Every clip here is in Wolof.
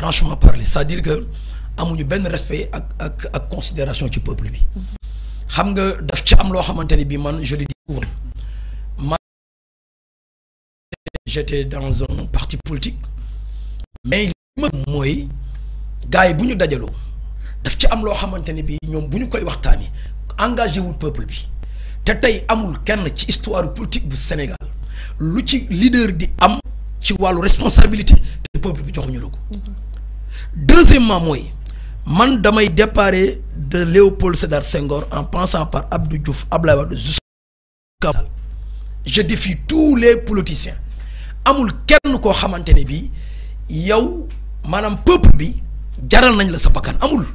franchement parler c'est-à-dire que amuñu benn respect ak ak considération ci peuple bi xam nga daf ci am bi man je le dis souvent j'étais dans un parti politique mais moi, ma mooy gars yi bu ñu daf ci am bi ñoom bu koy waxtaanee engagé wul peuple bi te amul kenn ci histoire politique bu Sénégal lu ci leader di am ci wàllu responsabilité du peuple bi joxuñu la ko deuxièmement moi, man damay déparé de Léopold Sédar Senghor en pensant par Abdou Diouf Abdoulaye Wade jusqu'à je défie tous les politiciens amul kenn ko xamante manam yow manam peuple bi jaral nañ la sa amul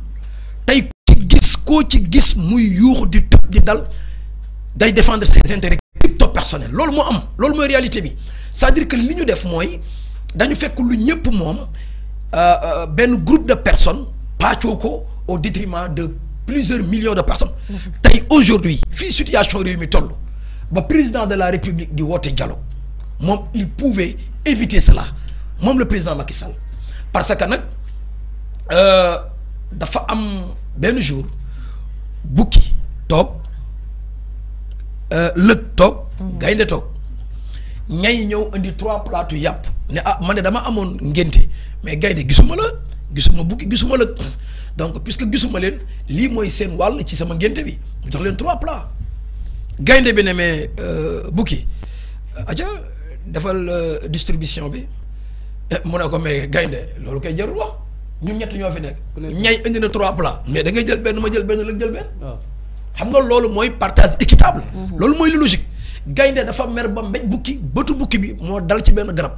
tay gis ko ci gis muy yuuxu di top di dal day défendre ses intérêts crypto personnels loolu mo am loolu mooy réalité bi c'est-à-dire que li ñu def moy dañu fekk lu ñepp mom un euh, euh, groupe de personnes pàccoo au détriment de plusieurs millions de personnes aujourd'hui Le situation président de la république du woote dialogue il pouvait éviter cela Même le président Macky Sall parce que Il y a un jour bukki euh, lëg top, hmm. gaynde toog ñay ñëw indi trois plateaux yap, ne ah man ne dama un ngénte mais gaynde gisuma la gisuma bouki gisuma la donc puisque gisuma len li moy sen wal ci sama ngénte bi mu jox leen trois plats gaynde bi ne mais euh, bukki aja defal euh, distribution bi eh, monako mais gaynde loolu kay jarul wax ñun ñet ñofi nek ñay indi na trois plats mais da ngay jël benn ma jël benn la jël benn xam nga loolu moy partage équitable mhm. loolu moy lu logique gaynde dafa mer ba mbéj bukki bëtu bukki bi mo dal ci benn garab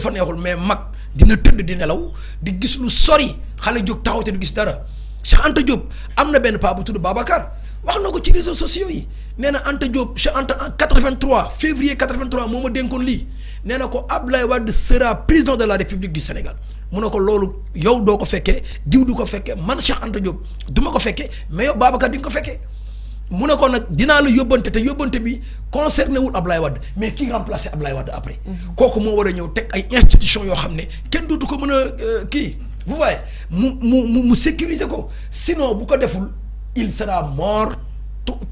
dafa neexul mais mag dina tëdd di nelaw di gis lu sori xale jóg taxaw te du gis dara Cheikh Anta jóg am na benn paa bu tudd Babacar wax na ko ci réseaux sociaux yi nee na Anta Diop Cheikh Anta en 83 février 83 moo ma dénkoon lii nee na ko Abdoulaye Wade sera président de la République du Sénégal mu ne ko loolu yow doo ko fekkee diw du ko fekkee man Cheikh Anta Diop du ma ko fekkee mais yow Babacar di nga ko fekkee. mu ne ko nag dinaa la yóbbante te yóbbante bi concerné wul Ablaye Wade mais kii remplacé Ablaye Wade après. Mhm. kooku moo war a ñëw teg ay institution yoo xam ne kenn dootu ko mën a euh, kii. vous voyez mu mu mu sécuriser ko sinon bu ko deful il sera mort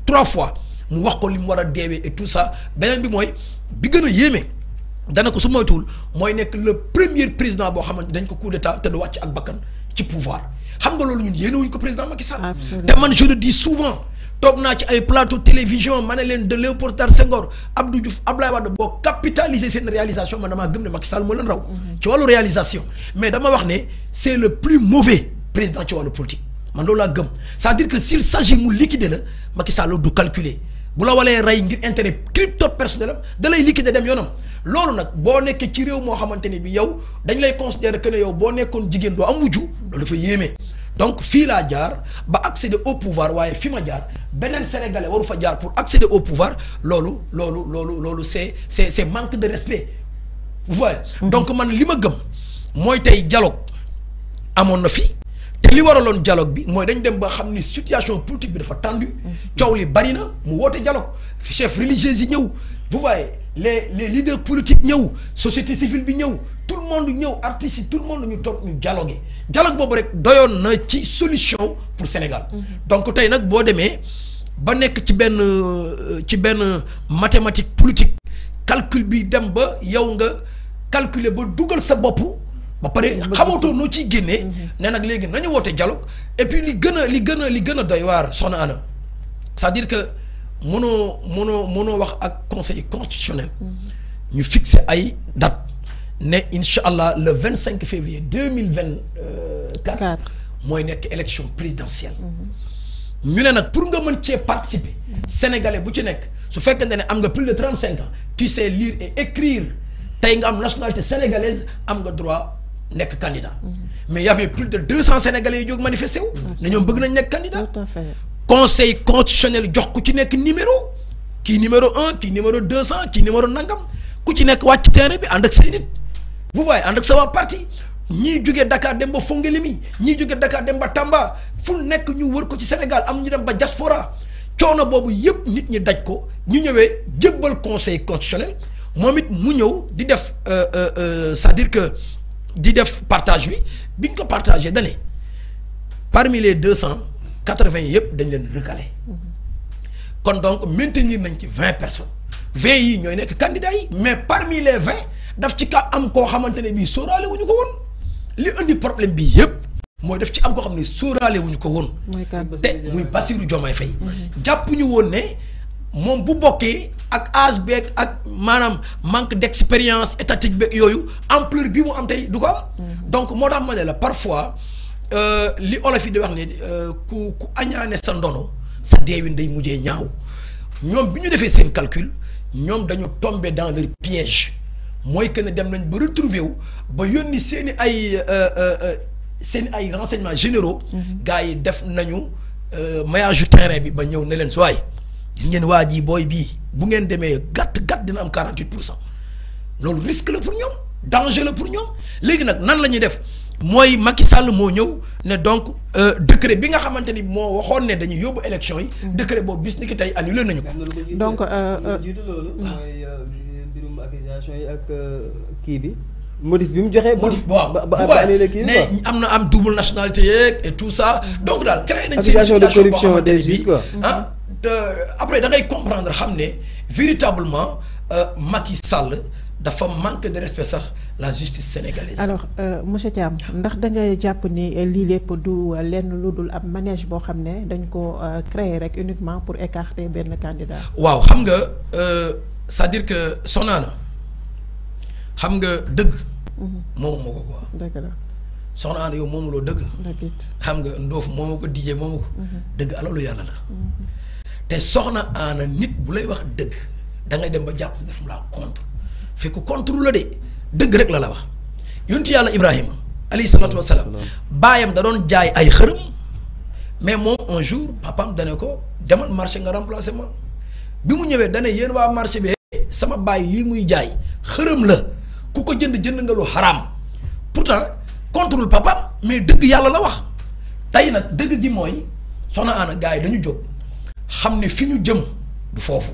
trois fois mu wax ko li mu war a deewee et tout ça beneen bi mooy bi gën a yéeme dana ko su moytuwul mooy nekk le premier président boo xamante dañ ko coup d'état te du wàcc ak bakkan ci pouvoir xam nga loolu ñun yéene wuñ ko président Macky Sall. te man je le dis souvent toog naa ci ay plateau télévision ma ne de Léopold Sédar Senghor Abdou Diouf Abdoulaye Wade capitaliser cette réalisation manama gëm ne Macky Sall mo len raw. Mhm. ci walu réalisation. mais dama wax ne c'est le plus mauvais président ci walu politique man loolu gëm c'est-à-dire que s'il s'agit mu liquider la Macky Sall du calculer bu la walé ray ngir intérêt crypto personnel De da lay liquider dem yoonam. lolu nak bo nekkee ci rew mo xamante bi yow dañ lay considérer que ne yow bo nekkoon jigen do am wujju loolu fa yémé donc Fila laa accéder au pouvoir c'est fi sénégalais pour accéder au pouvoir c'est c'est manque de respect vous voyez mhm. donc man li ma gëm mooy dialogue avec fi te li dialogue bi mooy dañ dem ba situation politique bi dafa tendue mhm. coow li bari mu dialogue chef religieux yi vous voyez les leaders politiques la société civile tout le monde artistes tout le monde nous avons dialogue est une solution pour Sénégal. Mhm. donc tey nag a ba ci ben ci mathématique politique calcul bi dem ba yow nga calculer ba dougal sa des ba paré xamoto no ci né nak dialogue et puis li gëna li c'est-à-dire que. Mono, mono, mono, wax ak conseil constitutionnel. ñu fixé ay date le 25 février 2024, moy nek élection présidentielle. ñu nak pour nga mën participer. sénégalais bu ci nek su plus de 35 ans tu sais lire et écrire vous nga am nationalité sénégalaise am nga droit nek candidat. Mm-hmm. mais il y avait plus de 200 sénégalais qui ont manifesté ils ne ñoom candidats. candidat conseil constitutionnel jox ku ci numéro Qui numéro 1, qui numéro 200, qui numéro nangam ku ci nek wacc terrain bi nit vous voyez ak parti ni Dakar dem ba Dakar dem ba Tamba fu nek ñu wër ko ci Sénégal am ñu dem ba diaspora choono bobu yépp nit ñi daj ko ñu conseil constitutionnel momit mu ñëw di def euh, euh, euh, dire que di def partage bi biñ parmi les 200... 80 yep dañ leen recalé kon donc maintenir nañ ci 20 personnes 20 yi ñoy nek candidats yi mais parmi les 20 daf ci ka am ko xamantene bi soralé sóoraale ko won li indi problème bi yep moy daf ci am ko xam soralé sóoraale ko won te muy Bassirou Diomaye Faye. Mhm. ñu won né mom bu bokké ak âge beeg ak manam manque d'expérience étatique beeg yoyu ampleur bi mu am tay du ko am. Mhm. donc moo tax ma la parfois. Euh, li olof de wax ne euh, ku ku añaane sa ndono sa ndey mujjé ñaaw fait, dans leur piège que ne dem ba retrouver euh, renseignements généraux. Mhm. def nañu terrain bi ba ñew ne len soy gis ngeen ont bu ngeen dina pour risque le danger pour nan moy Macky Sall mo ñew né donc euh, décret bi nga xamanteni mo moo né dañuy yóbbu élection yi. Mm. décret bob bis ni ki tey annulé nañu ko. donc. euh, euh loolu ah. mooy euh, mbirum accusation yi ak ki bi. motif bi mu joxee. motif waaw ba ba annulé kii am double nationalité yeeg et tout ça mm. donc dal créé nañ. seen situation de corruption des juges quoi ah, après da ngay comprendre xamné ne véritablement Macky Sall dafa manque de respect sax la justice sénégalaise. alors euh, monsieur Thiam ndax da ni euh, du euh, lenn manège créer uniquement pour écarter le candidat. waaw xam nga c'est-à-dire que Sonana, xam nga deug quoi. la xam nga ndof mhm. la. nit bu lay wax da dem ba contre fekk contre la de dëgg rek la la wax yontu yàlla Ibrahim, Ali salaatu wa salaam Bayam da doon jaay ay mais moom un jour me dane ko Demande marché nga remplacé ma bi mu ñëwee dane yéen waa marché bi eh, sama baï yi muy jaay le. la ku de jënd jënd nga pourtant contrôle papa mais dëgg yàlla la wax tey nag dëgg gi mooy soxna Anna gars yi dañu jóg xam ne fi ñu jëm du fofu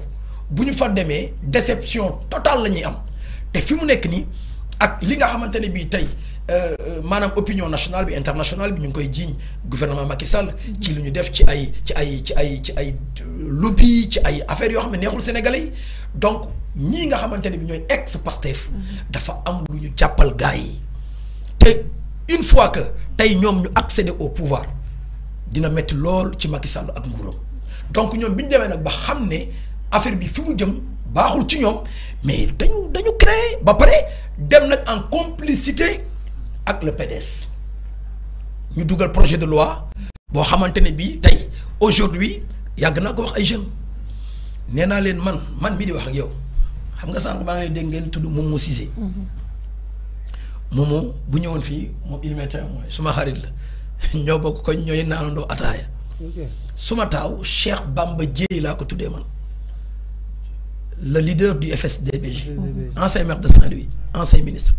buñu fa démé déception totale la ñuy am te fi mu nekk nii ak li nga xamante ne bii tey euh, euh, maanaam opinion nationale bi internationale bi ñu ngi koy jiiñ gouvernement Macky Sall. ci lu ñu def ci ay ci ay ci ay ci euh, lobby ci ay affaire yoo xam neexul Sénégalais donc ñii nga xamante ne bi ñooy ex Pastef. dafa am lu ñu jàppal gars une fois que tey ñoom ñu accéder au pouvoir dina metti lool ci Macky Sall ak nguuram donc ñoom bi ñu demee ba xam affaire bi fi jëm baaxul ci ñoom mais dañu dañu créer ba pare dem nag en complicité ak le PDS ñu dugal projet de loi boo xamante ne bii tey aujourd'hui yàgg naa ko wax ay jeunes nee naa leen man man mii di wax ak yow xam nga sànq maa ngi dégg ngeen tudd Momo Cissé mhm. Momo bu ñëwoon fii moom il m'est témoin mooy suma xarit la ñoo bokk ko ñooy naanandoo ataaya suma taaw Cheikh Bamba Dièye laa ko tuddee man le leader du FSDBJ, ancien maire de Saint-Louis, ancien ministre.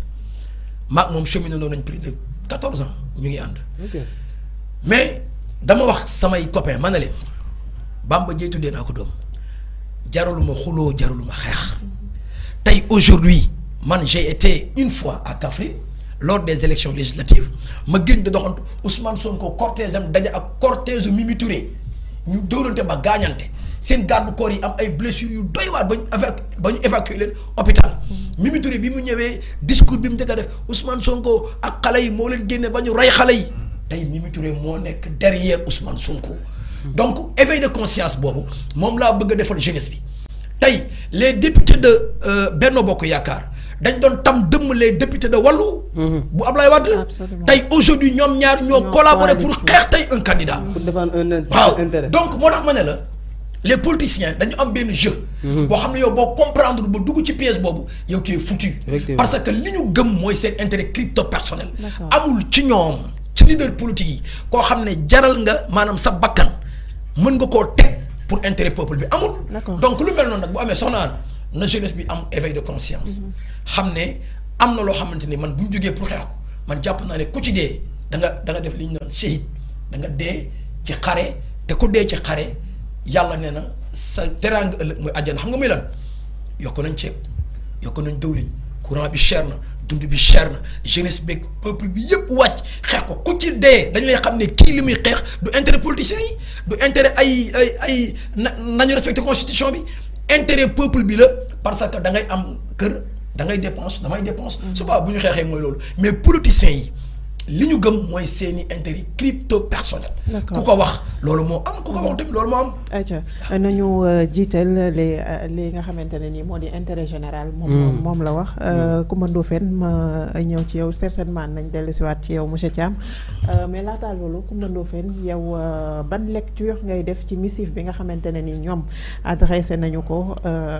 maak moom chemine noonu nañ plus de 14 ans ñu ngi ànd. mais dama wax samay copain ma ne leen Bamba Dièye tuddee naa ko doom jaruluma xuloo jaruluma xeex tey aujourd'hui man j'ai été une fois à Kaffrine lors des élections législatives ma génn di doxantu Ousmane Sonko cortège am daje ak cortège Mimi Touré ñu dóorante ba gaañante seen garde corps yi am ay blessures yu doy waar ba ñu évacuer leen hôpital. Mm-hmm. Mimi Touré bi mu ñëwee discours bi mu a def Ousmane Sonko ak xale yi moo leen génne ba ñu rey xale yi mm-hmm. tey Mimi Touré moo nekk derrière Ousmane Sonko. donc éveil de conscience boobu moom laa bëgg a defal jeunesse bi tey les députés de euh, Benno Bokk Yaakaar. dañ doon tam dëmm les députés de Wallu. Mm-hmm. bu Ablaye Wade. tey aujourd'hui ñoom ñaar ñoo collaborer pour xeex tey un candidat. waaw donc moo tax ma ne la les politiciens dañu am ben jeu. Mhm. bo xam yow bo comprendre bo dugg ci pièce bobu yow tu es foutu. parce que liñu gëm moy c'est intérêt crypto personnel. amul ci ñom ci leader politique yi ko xamné jaral nga manam sa bakkan mën nga koo teg pour intérêt peuple bi amul. donc lu mel non nak bu amé soxnaana na na jeunesse bi am éveil de conscience. Mhm. xamné amna lo xamanteni man bu joggé pour xex ko man japp na ne ku ci dé da nga da nga def li non naan shahid da nga dé ci xaré té ku dé ci xaré yalla nee sa teraanga ëllëg mooy àjjana xam nga muy lan yokk nañ ceeb yokk nañ dëwlin courant bi cher na dund bi cher na jeunesse beeg peuple bi yëpp wàcc xeex ko ku ci dee dañ lay xam ne kii li muy xeex du intérêt politicien yi du intérêt ay ay ay nañu respecté constitution bi intérêt peuple bi la parce que da ngay am kër da ngay dépense damay dépense. Mm. suba bu ñu xeexee mooy loolu mais politiciens yi li ñu gëm mooy seeni intérêt crypto personnel. ku ko wax loolu moo am ku ko wax tamit loolu moo am. ayca nañu euh, jiital les euh, li nga xamante ne nii moo di intérêt général. moom moom mm. la wax. Euh, mm. Coumba Ndoffène ma ñëw ci yow certainement nañ dellusiwaat ci yow monsieur Thiam. mais laata loolu Coumba Ndoffène yow ban lecture ngay def ci missive bi nga xamante ne nii ñoom adressé nañu ko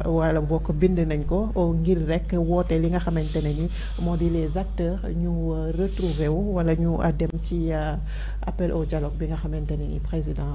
wala bokk bind nañ ko ngir rek woote li nga xamante ne nii moo di les acteurs ñu retrouver wu. wala ñu euh, dem ci euh, appel au dialogue bi nga xamante ne ni président